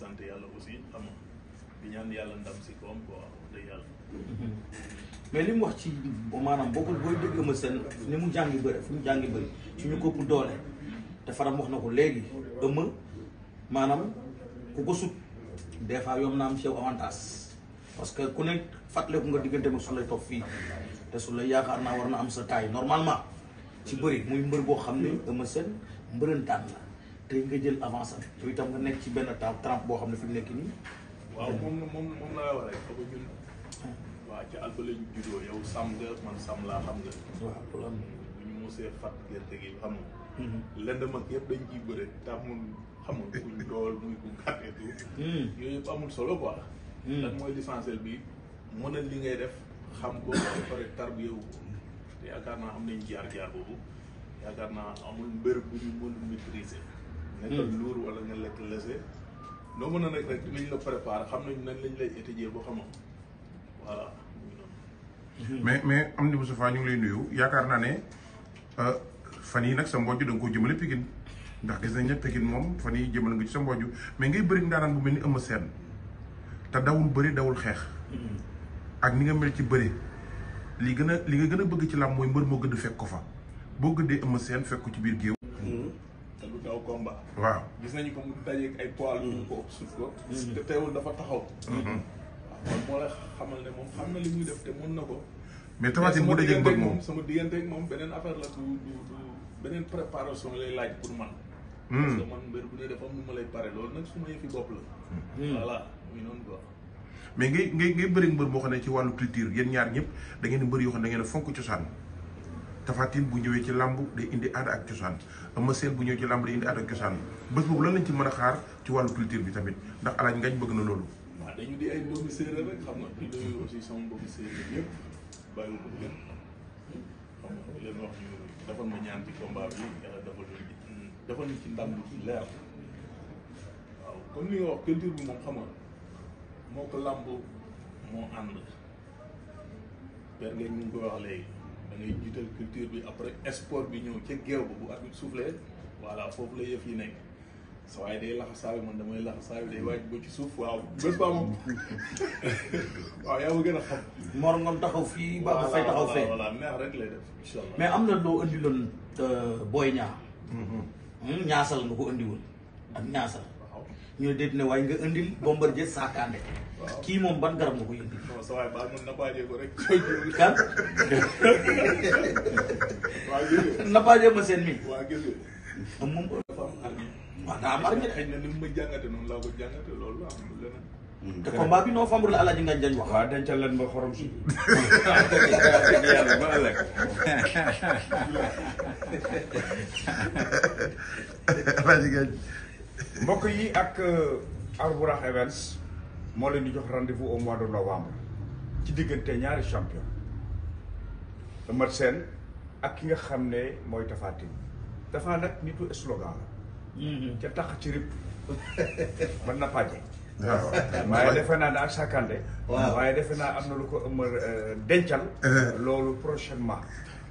sante yalla aussi xam di ñaan yalla ndam ci kom ko de yalla mais lim wax ci manam bokul boy dégg ma sen ni mu jangi bëri fu mu jangi bëri ci ñu ko ëpp doole eh. te faram wax nako legi léegi manam ku ko sut des fois yom na am avantage parce que ku fatle ko nga digënté mag su lay toog te su lay yaakaar naa am sa tay normalement ci beuri muy mbeur bo xamni ne sen seen la te nga jël avance am yow itam nga nekk ci benn temps trempe boo xam fi mu nekk waaw moom moom moom laa wax rek ñun. ci lañu yow nga man sam laa xam nga. waaw loolu bu ñu mosee fat gerte gi xam nga. Mhm. lëndëm ak yëpp dañ ciy bëre tàmmul xam nga dool muy ku mhm. amul solo quoi. Mhm. lan mooy l'essentiel bi mën a li ngay def xam ko pare tarbiyewu yaakaar naa am nañ jaar jaar yaakaar amul bu ñu maîtriser. Hmm. nekkal luur wala nga lekk lese noo mën a nekk rek liñ la préparé xam nañ nañ lañ lay étudier boo xamam voilà hmm. mais mais am ni Moustapha ñu ngi lay nuyu yaakaar naa ne euh, fan yi nag sa mbojj da nga koo jëmale Pikine ndax gis nañ ne Pikine moom fan yi jëmale nga ci sa mbojj mais ngay bëri ndaanaan bu ci aw combat waaw gis nañu ko mu dajeeg ay poil yu ko suuf ko mm-hmm. te teewul dafa taxaw mm-hmm. waaw kon lay xamal ne moom xam li muy def te mën na mais tamati mu dajeeg bëgg moom sama diggante ak moom beneen affaire la du du du préparation lay laaj pour man mm. parce que man mbir bu ne dafa am lay la mm-hmm. voilà muy quoi mais ngay ngay bëri ci culture ñaar da ngeen da ngeen fonk tafatin bu ñëwé ci lamb di indi aada ak ciosan Eumeu Sène bu ñëw ci lamb di indi aada ak ciosan bëss bu lan lañ ci mëna xaar ci walu culture bi tamit ndax alañ ngañ bëgg na lolu dañu di ay doomi rek xam nga di aussi sama mbokki séeréer yëpp bàyyi ko gën xam nga leen wax ñu ma ñaan ci combat bi ñu ci ndam leer waaw li da ngay culture bi après sport bi ñëw ca géew ba bu arbitre soufflé voilà foofu la yëf yi nekk sa waaye day laxasaayu man damay laxasaayu day waaj ba ci suuf waaw bés ba moom waaw yaa ma gën a xam. Mor taxaw fii. ba fay taxaw fee voilà mais am na loo indi loon euh, Boy Niang. Mm-hmm. Hmm, ñaasal nga ko indi ak ñaasal. ñu déet ne waaye nga indil Bombardier saakaande kii moom ban garab nga koy indi. non sa waay baal man nappaaje ko rek. kan. waaw gis nappaaje ma seen mi. waaw gis nga. moom dafa am armi. waaw daa am armi xëy na ni ma jàngate noonu laa ko jàngate loolu am leneen. te combat bi novembre la alaaji ngañ jañ wax. waaw dencal leen ba xorom si. yàlla ba mbokk yi ak euh, Albourakh Events moo leen di jox rendez-vous au mois de novembre ci diggante ñaari champion Eumeu Sène ak ki nga xam ne mooy Tapha Tine dafa nag nitu slogan la mhm. ca tax ci rib mën na waaye defe naa ne ak sakande waaye defe naa am na lu ko Eumeu euh, dencal uh-huh. loolu prochainement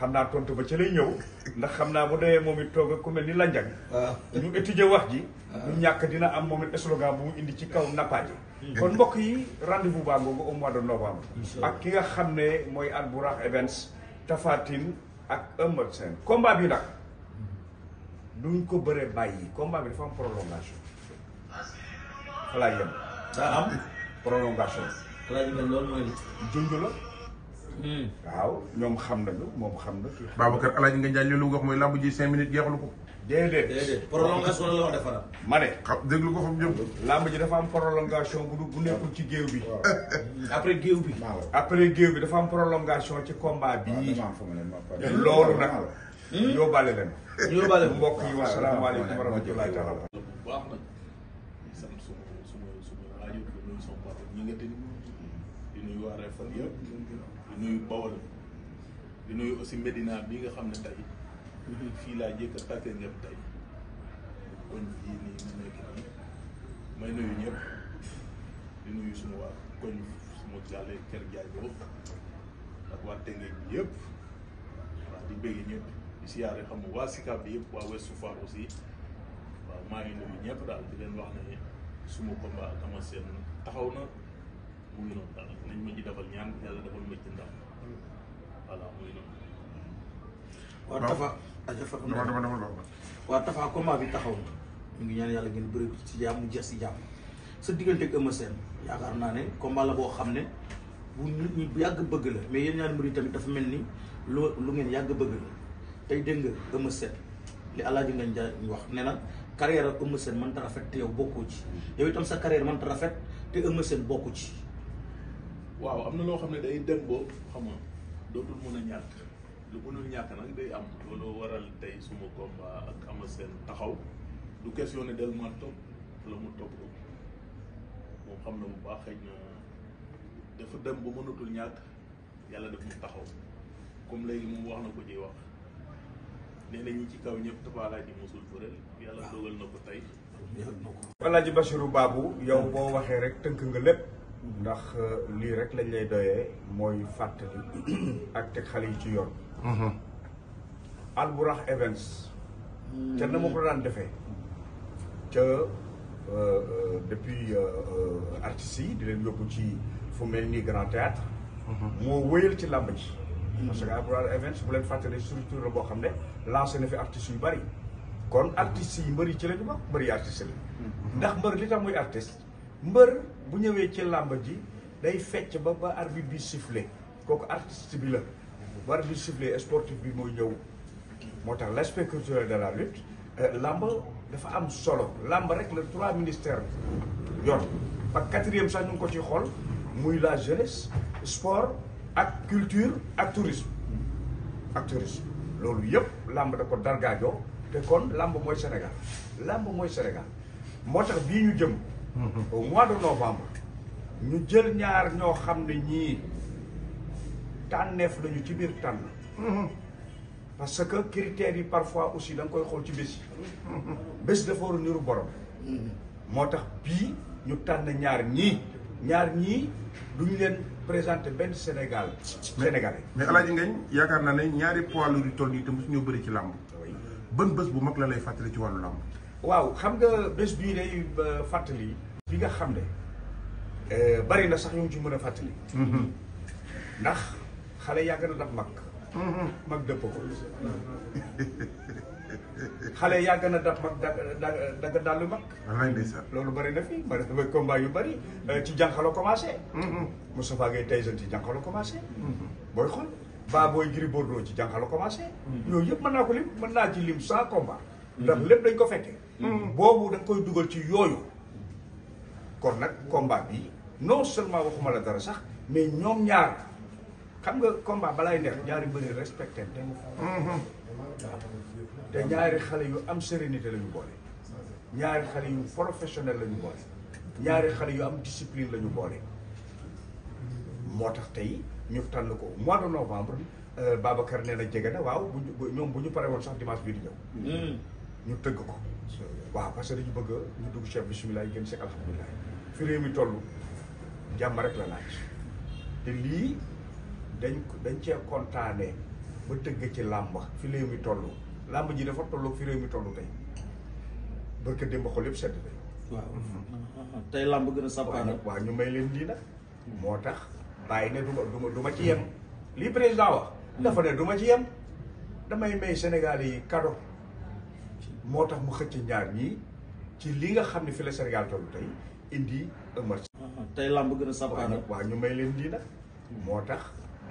xam naa tontu ba ci lay ñëw ndax xam naa bu dee moom it toog ak ku mel ni lanjag ñu étudier wax ji ñu ñàkk dina am moom it slogan bu mu indi ci kaw nappaaji hmm. kon mbokk yi rendez-vous baa ngoogu mois de novembre ak ki nga xam ne mooy Albourakh Events Tafatine ak Eumeu Sène combat bi nag ko bëree bàyyi combat bi dafa am prolongation xalaat la Hmm. waaw ñoom xam nañu moom xam na. Babacar El Hadj Ngagne Diagne loolu nga wax mooy làmb ji cinq minutes jeexalu ko. déedéet déedéet prolongation la wax defara ma ne xam déglu ko fa mu jëm làmb ji dafa am prolongation bu bu nekkul ci géew bi hmm. après géew bi après géew bi dafa am prolongation ci komba bi loolu nag hmm? yóbbaale leen yóbbaale mbokk yi wasalaamaaleykum wa rahmatulahi taala baax nañ a suma suma di nuyu waa Refane yëpp di nuyu Bawol di nuyu aussi Medina bi nga xam ne tey fii laa jëkk a tàkkee ñëpp tey koñ fii nii mu nekk nii may nuyu ñëpp di nuyu suma waa koñ suma jàllee kër jaay boobu ak waa Tëngéej bi yëpp di bëgg ñëpp di siyaare waa Sicap yëpp waa Ouest Foire aussi waaw maa ngi nuyu ñëpp daal di leen wax ne suma combat ak Ama Sène taxaw na mu ngi noonu daal nañ ma ci defal ñaan yàlla defal ma ci ndam voilà muy noonu waa tafa ajafa dama dama dama lool waa tafa combat bi taxaw ñu ngi ñaan yàlla ngeen bëri ko ci jàmm mu jeex si jàmm sa diggante ak Eumeu Sène yaakaar naa ne combat la boo xam bu nit ñi yàgg bëgg la mais yéen ñaari mbir tamit dafa mel lu lu ngeen yàgg bëgg la tey dégg nga Eumeu Sène li alaaji ngañ ja wax ne na carrière Eumeu Sène mënta rafet te yow bokkoo ci yow itam sa carrière mënta rafet te Eumeu bokku ci waaw am na loo xam ne day dem boobu xam nga dootul mën a ñàkk lu mënul ñàkk nag day am loolu waral tey suma combat ak ama seen taxaw du question ne del ma topp la mu topp moom xam na bu baax xëy na dafa dem ba mënatul ñàkk yàlla def mu taxaw comme léegi moom wax na ko ciy wax nee na ci kaw ñëpp dafa alaaji mosul bëreel yàlla dogal na ko tey alaaji Bachirou baabu yow boo waxee rek tënk nga lépp ndax euh, lii rek lañ lay doyee mooy fàttali ak teg xale yi ci yoon mhm. Alburax Events ca na moo ko daan defee ca euh, euh, depuis artistes yi di leen yóbbu ci fu mel ni grand théâtre mhm. moo wéyal ci làmb ji parce que Alburax Events bu leen fàttali structure la boo xam ne lancé na fi artistes yu bari kon artistes yi mbëri ci lañu bokk mbëri artistes la mhm. ndax mbër li tax muy artiste mbër bu ñëwee ci làmb ji day fecc ba ba arbitre bi sifflé kooku artiste bi la bu arbitre bi sifflé sportif bi mooy ñëw moo tax l'aspect culturel de la lutte euh, làmb dafa am solo làmb rek la trois ministère yor ak quatrième sax ñu ngi ko ci xool muy la jeunesse sport ak culture ak tourisme ak tourisme loolu yëpp làmb da ko dargaajoo te kon làmb mooy Sénégal làmb mooy Sénégal moo tax bii ñu jëm au mois de novembre ñu jël ñaar ñoo xam ne ñii tànneef lañu ci biir tànn mhm. parce que critères yi parfois aussi da nga koy xool ci bés yi bés dafa niru borom mhm. moo tax bii ñu tànn ñaar ñii ñaar ñii duñu leen présenté benn Sénégal Sénégalais mais Alaaji Ngagne yaakaar naa ne ñaari poids lourds yu toll nii te mosu ñoo bëri ci làmb bën bës bu mag la lay fàttali ci wàllu làmb waaw xam nga bés bii day fàttali bi nga xam ne eh, bari na sax ñu ci mën a fàttali mm-hmm. ndax xale yàgg na daf mag mm-hmm. mag dëpp ko xale yàgg na dab mag daga dàllu mag loolu bari na fi bari na combat yu bari eh, ci jànq la commencé mm-hmm. Moustapha Gueye Tyson ci jànq la commencé booy xool baa booy Gris ci jànq la yooyu yëpp mën naa ko lim mën naa ci lim sans combat ndax mhm. lépp dañ ko fekkee. Mhm. boobu da koy dugal ci yooyu. kon nag combat bi non seulement waxuma la dara sax mais ñoom ñaar xam nga combat balaay neex ñaari bëri respecté te mhm. te ñaari xale yu am sérénité lañu ñu boole. ñaari xale yu professionnel la ñu boole. ñaari xale yu am discipline la ñu boole. moo tax tey ñu tànn ko mois de novembre euh, Babacar nee na jege na waaw bu ñoom bu ñu paree woon sax dimanche bii ñëw. ñu tëgg ko waaw parce que dañu bëgg ñu dugg chef bisimilah yi gën seeg alhamdulilah fi réew mi toll jàmm rek la laaj te lii dañ dañ cee kontaanee ba tëgg ci làmb fi réew mi toll làmb ji dafa toll fi réew mi toll tey barka démb xol yëpp sedd tey. waaw mhm. tey làmb gën a sàppaane waaw ñu may leen lii nag mhm. moo tax bàyyi ne duma duma du ci yem lii président wax dafa ne du ci yem damay may Sénégal yi cadeau moo tax mu xëcc ñaar ñii ci li nga xam ne fi la Sénégal tollu tey indi ëmër. Ah, tey làmb gën a sàppaane waaw ñu may leen lii nag moo tax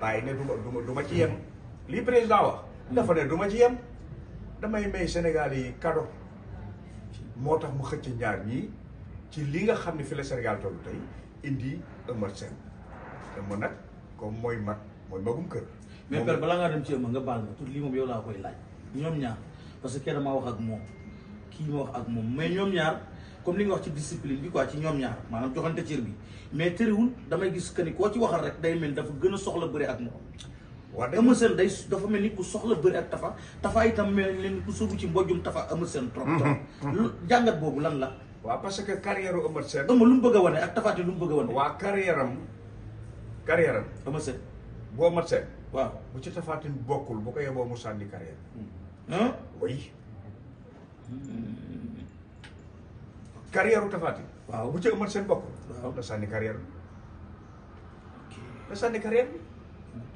bàyyi ne du duma ci yem mm-hmm. lii président wax mm-hmm. dafa ne du ci yem damay may Sénégal yi cadeau moo tax mu xëcc ñaar ñii ci li nga xam ne fi la Sénégal tollu tey indi ëmër seen te mu nag comme mooy mag mooy magum kër mais père balaa ngaa dem ci ëmër nga baal ma tout lii moom yow laa koy laaj ñoom ñaar parce que kenn maa wax ak mom ki ma wax ak mom mais ñom ñaar comme li nga wax ci discipline bi quoi ci ñom ñaar manam joxante ciir bi mais tëriwul damay gis que ni ko ci waxal rek day mel dafa gëna soxla bëri ak mom wa dem sen day dafa mel ni ku soxla bëri ak Tafa Tafa itam mel leen ku sobu ci mbojum Tafa Eumeu sen trop trop. Mhm. jangat bobu lan la. wa parce que carrière Omar Sen dama lu bëgg wone ak Tafa te lu bëgg wone wa waa carrière am carrière am. Omar Sen boo bu ci Tafa Tine bokul bu ko yeboo mu sandi carrière. Hmm. Hein? Oui. carrière u Tapha Wow. Vous avez commencé un peu. bopp waaw da sànni carrière bi da sànni carrière bi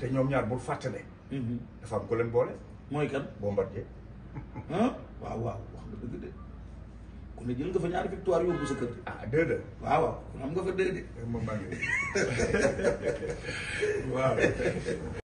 te ñoom ñaar bul fàttale eh? mhm. dafa am ko leen boole mooy kan Bombardier waaw waaw wow. nga dëgg de ku ne jël nga fa ñaari victoire sa kër ah deux deux waaw waaw am nga fa deux de waaw